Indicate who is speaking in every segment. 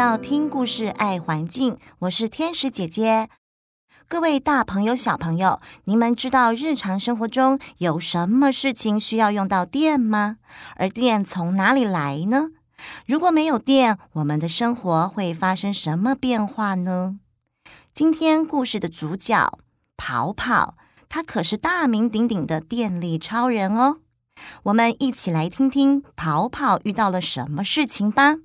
Speaker 1: 要聽故事，愛環境。我是天使姐姐，各位大朋友、小朋友，你們知道日常生活中有什麼事情需要用到電嗎？而電從哪裡來呢？如果沒有電，我們的生活會發生什麼變化呢？今天故事的主角跑跑，他可是大名鼎鼎的電力超人哦。我們一起來聽聽跑跑遇到了什麼事情吧。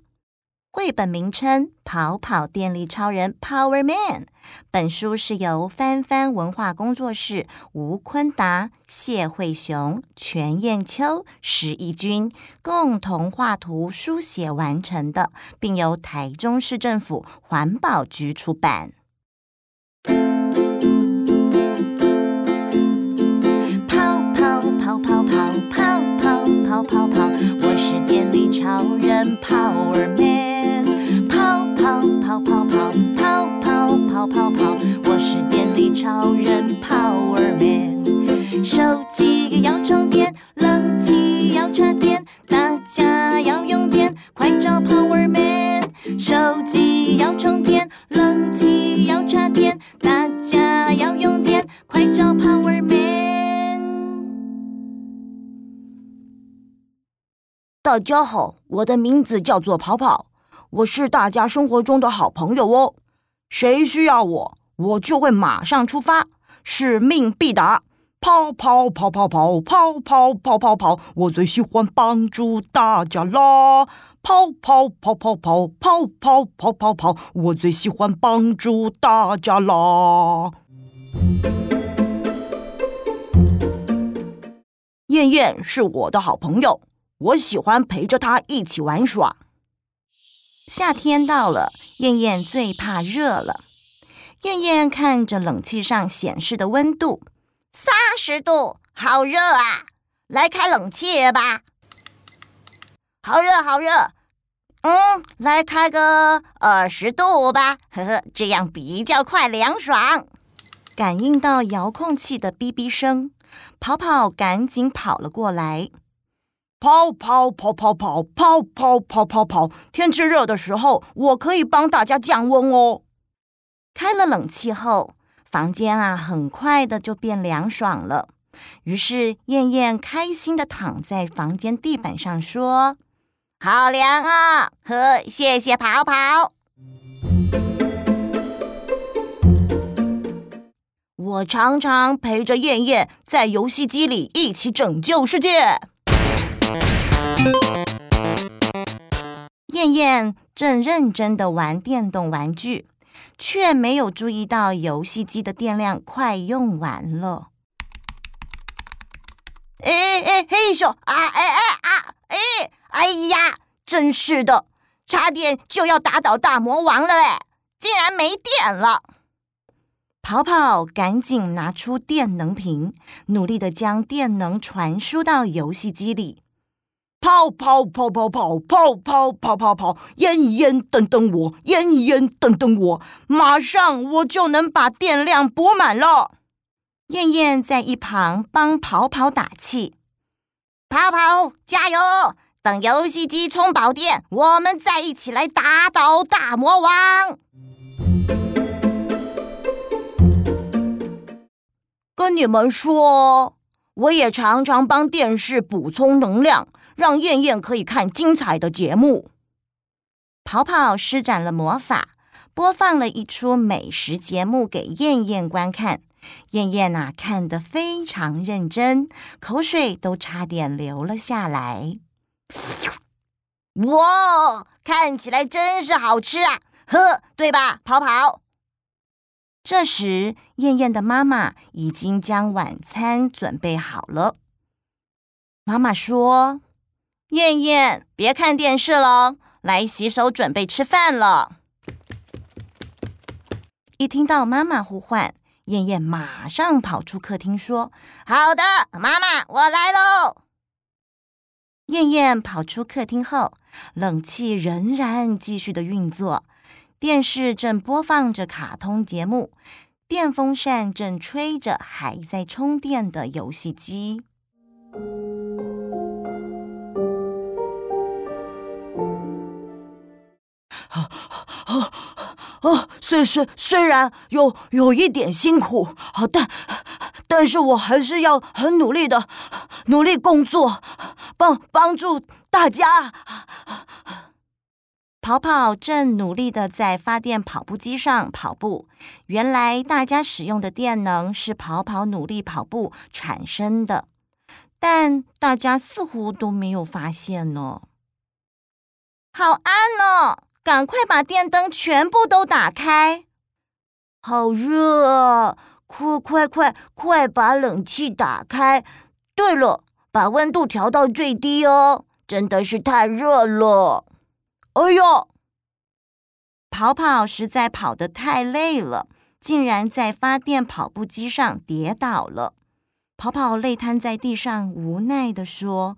Speaker 1: 繪本名稱《跑跑電力超人 Power Man》，本書是由翻翻文化工作室吳昆達、謝惠雄、全宴萩、石一君共同畫圖書寫完成的，並由台中市政府環保局出版。跑跑跑跑跑跑跑，跑跑跑跑，我是電力超人 Power Man。大家好，我的名字叫做跑跑，我是大家生活中的好朋友哦。誰需要我，我就會馬上出發，使命必達。跑跑跑跑跑跑跑跑跑跑，我最喜歡幫助大家啦！跑跑跑跑跑跑跑跑跑跑，我最喜歡幫助大家啦。燕燕是我的好朋友。我喜歡陪着他一起玩耍。夏天到了，燕燕最怕熱了。燕燕看着冷氣上顯示的溫度，三十度，好熱啊！來開冷氣吧。好熱，好熱。嗯，來開個二十度吧，呵呵，這樣比較快涼爽。感應到遙控器的嗶嗶聲，跑跑趕緊跑了過來。跑跑跑跑跑跑跑跑跑，跑，跑，跑，跑，跑。天氣熱的時候，我可以幫大家降溫哦。開了冷氣後，房間啊，很快的就變涼爽了。於是燕燕開心的躺在房間地板上，說：“好涼啊！呵，謝謝跑跑。”嗯，我常常陪着燕燕在遊戲機裡一起拯救世界。燕燕正認真的玩電動玩具，卻沒有注意到遊戲機的電量快用完了。哎哎哎，嘿咻啊！哎、欸、哎啊！哎、欸、哎呀！真是的，差點就要打倒大魔王了嘞，竟然沒電了！跑跑趕緊拿出電能瓶，努力的將電能傳輸到遊戲機裡。跑跑跑跑，跑跑跑跑跑跑跑跑跑跑！燕燕等等我，燕燕等等我，馬上我就能把電量補滿了。燕燕在一旁幫跑跑打氣：“跑跑加油！等遊戲機充飽電，我們再一起來打倒大魔王。”跟你們說，我也常常幫電視補充能量。讓燕燕可以看精彩的節目。跑跑施展了魔法，播放了一出美食節目給燕燕觀看。燕燕吶、啊，看得非常認真，口水都差點流了下來。哇，看起來真是好吃啊！呵，對吧，跑跑？這時，燕燕的媽媽已經將晚餐準備好了。媽媽說。燕燕，別看電視嘍。來洗手，準備吃飯了。一聽到媽媽呼喚，燕燕馬上跑出客廳，說：“好的，媽媽，我來嘍。”燕燕跑出客廳後，冷氣仍然繼續的運作，電視正播放着卡通節目，電風扇正吹着還在充電的遊戲機。啊啊啊，雖雖雖然有有一點辛苦，啊，但但是我還是要很努力的，努力工作，幫幫助大家。跑跑正努力的在發電跑步機上跑步。原來大家使用的電能是跑跑努力跑步產生的，但大家似乎都沒有發現呢、哦。好暗哦！趕快把電燈全部都打開，好熱啊！快快快快把冷氣打開。對了，把溫度調到最低哦，真的是太熱了。哎呀，跑跑實在跑得太累了，竟然在發電跑步機上跌倒了。跑跑累癱在地上，無奈地說：“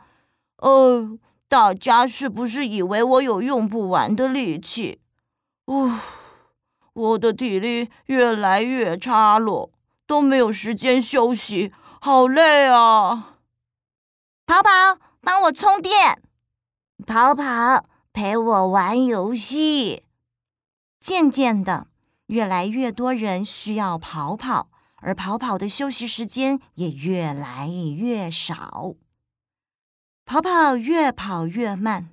Speaker 1: 哦、呃。”大家是不是以為我有用不完的力氣？嗚、哦，我的體力越來越差了，都沒有時間休息，好累啊！跑跑，幫我充電；跑跑，陪我玩遊戲。漸漸的，越來越多人需要跑跑，而跑跑的休息時間也越來越少。跑跑越跑越慢，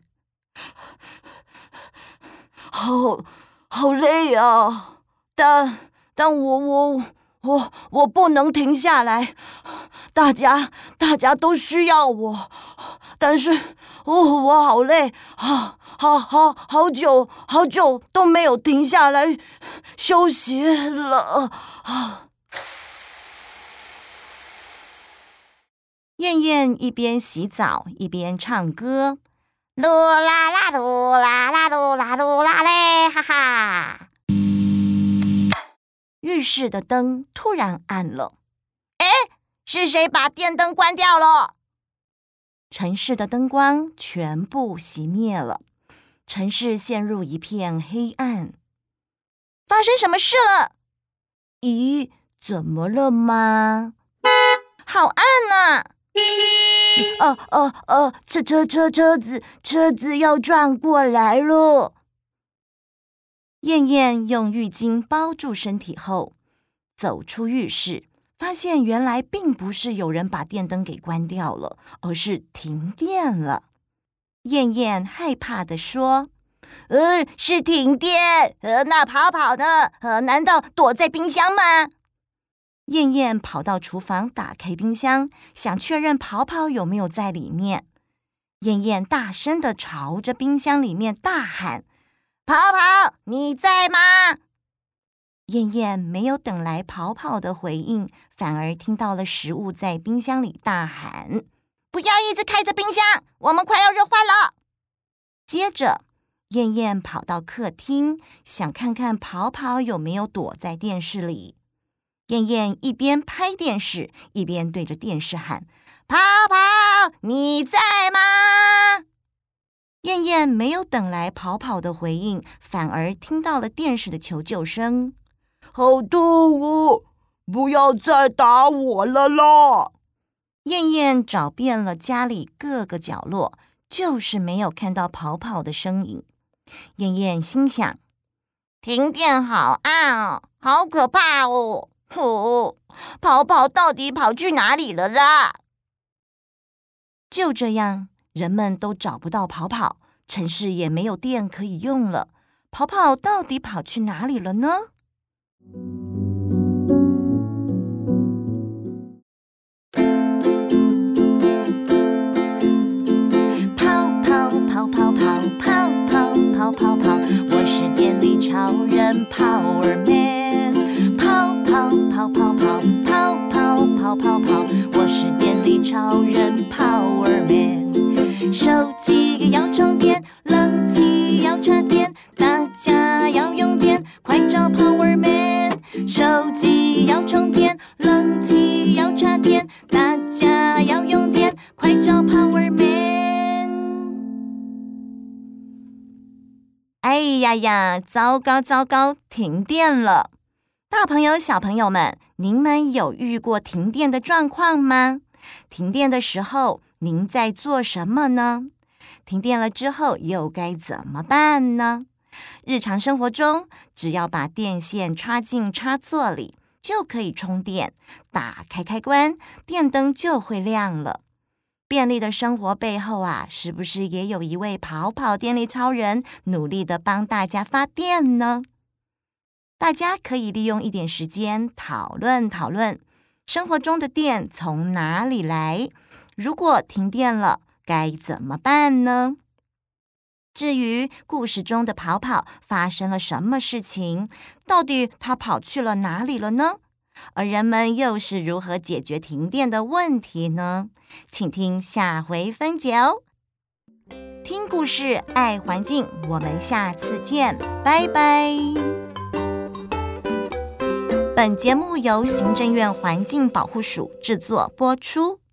Speaker 1: 好，好累啊！但但我我我我不能停下來，大家大家都需要我，但是我我好累，好，好，好，好久，好久都沒有停下來休息了啊！一邊洗澡一邊唱歌，嚕啦啦嚕啦啦嚕啦嚕啦嘞，哈哈！ 浴室的燈突然暗了，哎，是誰把電燈關掉了？城市的燈光全部熄滅了，城市陷入一片黑暗。發生什麼事了？咦，怎麼了嗎？好暗啊！ 哦哦哦！車車車車子車子要轉過來嘍。燕燕用浴巾包住身體後，走出浴室，發現原來並不是有人把電燈給關掉了，而是停電了。燕燕害怕地說：“嗯，是停電。呃，那跑跑呢？呃，難道躲在冰箱嗎？”燕燕跑到廚房，打開冰箱，想確認跑跑有沒有在裡面。燕燕大聲的朝着冰箱裡面大喊：“跑跑，你在嗎？”燕燕沒有等來跑跑的回應，反而聽到了食物在冰箱裡大喊：“不要一直開着冰箱，我們快要熱壞了。”接着，燕燕跑到客廳，想看看跑跑有沒有躲在電視裡。燕燕一邊拍電視，一邊對着電視喊：“跑跑，你在嗎？”燕燕沒有等來跑跑的回應，反而聽到了電視的求救聲：“好痛哦！不要再打我了啦！”燕燕找遍了家裡各個角落，就是沒有看到跑跑的身影。燕燕心想：“停電，好暗哦，好可怕哦！”哦，跑跑到底跑去哪裡了啦？就這樣，人們都找不到跑跑，城市也沒有電可以用了。跑跑到底跑去哪裡了呢？哎呀呀！糟糕糟糕，停電了！大朋友、小朋友們，您們有遇過停電的狀況嗎？停電的時候，您在做什麼呢？停電了之後又該怎麼辦呢？日常生活中，只要把電線插進插座裡，就可以充電。打開開關，電燈就會亮了。便利的生活背後啊，是不是也有一位跑跑電力超人努力的幫大家發電呢？大家可以利用一點時間討論討論，生活中的電從哪裡來？如果停電了該怎麼辦呢？至於故事中的跑跑發生了什麼事情，到底他跑去了哪裡了呢？而人們又是如何解決停電的問題呢？請聽下回分解哦。聽故事愛環境，我們下次見，拜拜。本節目由行政院環境保護署製作播出。